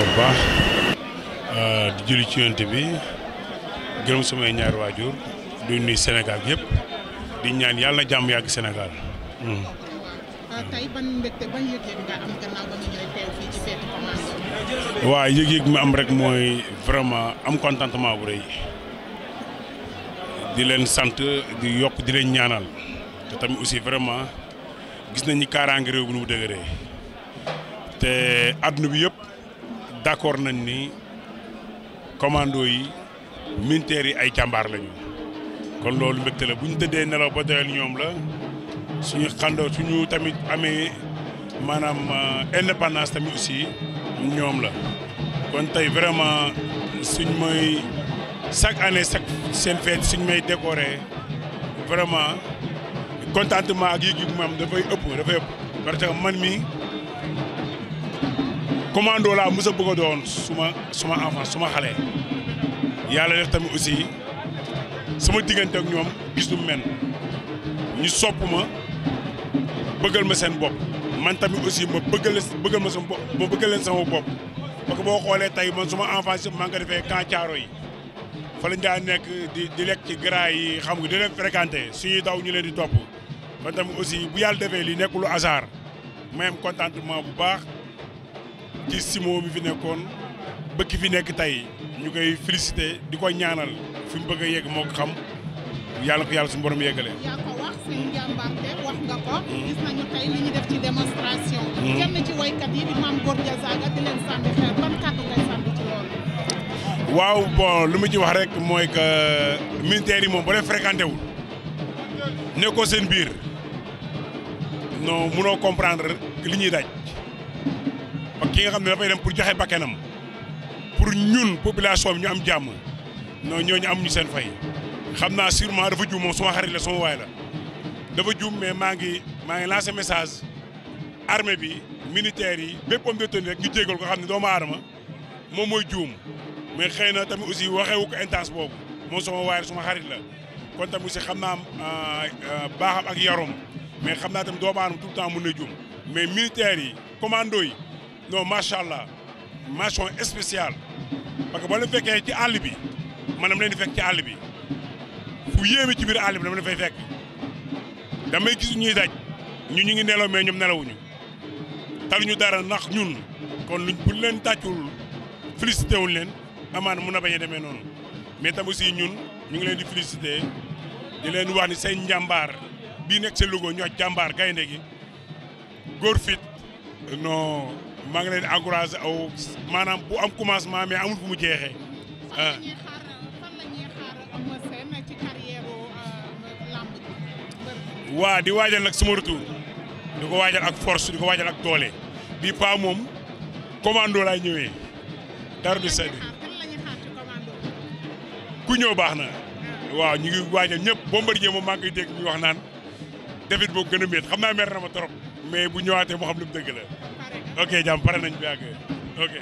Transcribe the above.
bu baax euh, di julli ci yonent bi gërëm samay ñaar waajur du nuy Sénégal yëpp di ñaan yàlla jàmm yàgg Sénégal. Hmm. Euh, tey mi am rek mooy vraiment am contentement bu rëy di leen sant di yokk di leen ñaanal te tamit aussi vraiment gis nañ ni kaaraange réew mi nu mu dëgëree te adduna bi yëpp. d'accord nañ ni commando yi militaires yi ay jàmbaar lañu kon loolu mbégte la bu ñu tëddee nelaw ba doyal ñoom la suñu xandoo suñu tamit amee maanaam euh, indépendance tamit aussi ñoom la kon tey vraiment suñ may chaque année chaque seen fête suñ may décorer vraiment contentement ak yëg-yëg bu ma am dafay ëpp dafay ëpp man mi commando laa mos a bëgg a doon suma suma enfance suma xale yàlla def tamit aussi sama diggante ak ñoom gis men ñu sopp ma bëggal ma seen bopp man tamit aussi ma bëggal bëggal ma sama bopp ma bëggal leen sama bopp parce que boo xoolee tey man suma enfance yëpp maa ngi ko yi fa lañ daa nekk di di lekk ci gras yi xam nga di leen fréquenté daw ñu leen di topp man tamit aussi bu yàlla defee li nekk lu hasard ma bu baax ci Simon bi fi nekkoon bëkki fi nekk tey ñu koy félicité di ko ñaanal fi mu bëgg a yegg moo ko xam yàlla ko yàlla suñu borom yaa ko wax seen jàmbaarte wax nga ko. Mm. gis nañu tey li ñu def ci démonstration. Mm. kenn ci waykat yi di maam Góor Diazaga di leen sànni xeer ban kàddu ngay sànni ci loolu. waaw bon lu mu ci wax rek mooy que militaires yi moom ba leen fréquenté wul nekkoo seen biir noo mënoo comprendre li ñuy daj. ak ki nga xam ne dafay dem pour jaxe bakkanam pour ñun population bi ñu am jàmm non ñooñu amuñu seen fay xam naa sûrement dafa juum moom suma xarit la suma waay la dafa juum mais maa ngi maa ngi lancé message armée bi militaires yi bépp homme de tenue ko xam ne doomu aadama moom mooy juum mais xëy na tamit aussi waxewu ko intense boobu moom suma waay la suma xarit la kon tamit aussi xam naa euh, baaxam ak yarom mais xam naa tamit doomu aadama tout le mu mën na mais militaires yi commando yi non macha allah mention spéciale parce que boo leen fekkee ci àll bi man dama leen di fekk ci àll bi fu yéeme ci biir àll bi dama leen fay fekk damay gis ñuy daj ñu ñu ngi nelaw mais ñoom nelawuñu taluñu dara ndax ñun kon luñ buñ leen tàccul félicité wuñ leen amaana mu na bañ demee noonu mais tam aussi ñun ñu ngi leen di félicité di leen wax ni seen njàmbaar bii nekk seen logo ñu wax gaynde gi góor fit non maa ngi leen aw maanaam bu am commencement mais amul fu mu jeexee. Ah. Euh, waa di waajal nag sama retour di ko waajal ak fors di ko waajal ak doole bi pa moom commando laay ñëwee dara du ku ñëw baax na ah. waaw ñu ngi waajal ñëpp Bombardier moom maa ngi koy dégg ñu wax naan defit boo gën a métti xam naa mer na ma trop mais bu ñëwaatee moo xam lu mu ok jàmm pare nañ bi ak ok.